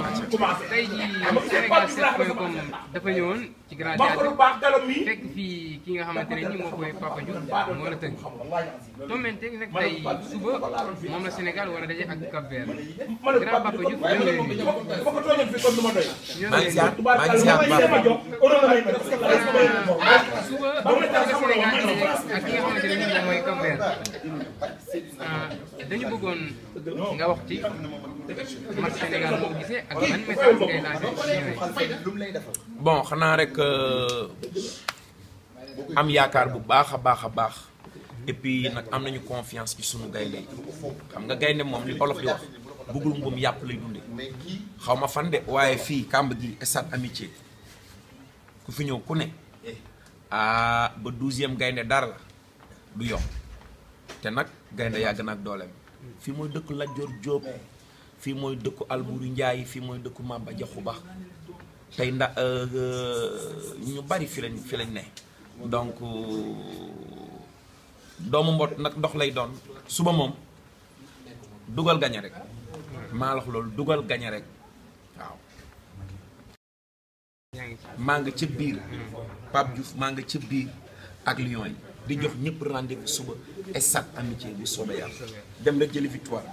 tey jii Sénégal sept point com dafa ñëwoon ci grand théâtre fekk fii ki nga xamante ne nii moo koy Papa Diouf moo la tënk tombenteeg a daje ak grand Papa Diouf ñoo ngi leen di ñoo suba moom la Sénégal daje ak nga xamante ne nii mooy Cap Vert dañu bëggoon nga wax bon xanaa rek euh, am yaakaar bu baax a baax a baax nag am nañu confiance ci sunu gaynde yi xam nga gaynde moom li olof di wax bugul ngum yàpp lay dunde xaw ma fan de waaye fii kàmb gi stade amitié ku fi ñëw ku ne ah, ba douzième gaynde dara la du yomb te nag gaynde yàgg na ak dooleem fii mooy dëkk la Dior Diop fii mooy dëkku Alburi Njaay fii mooy dëkku Mamba Jaxu Ba tey ndax euh, euh, ñu bari fi lañ fi lañ ne donc euh, doomu mbot nag ndox lay doon suba moom dugal gaña rek maa lax loolu dugal gaña rek waaw maa nga ca biir Pape Diouf maa nga ca biir ak Lions yi di jox ñëpp rendez-vous suba stade amitié bu soobee yàlla dem la jëli victoire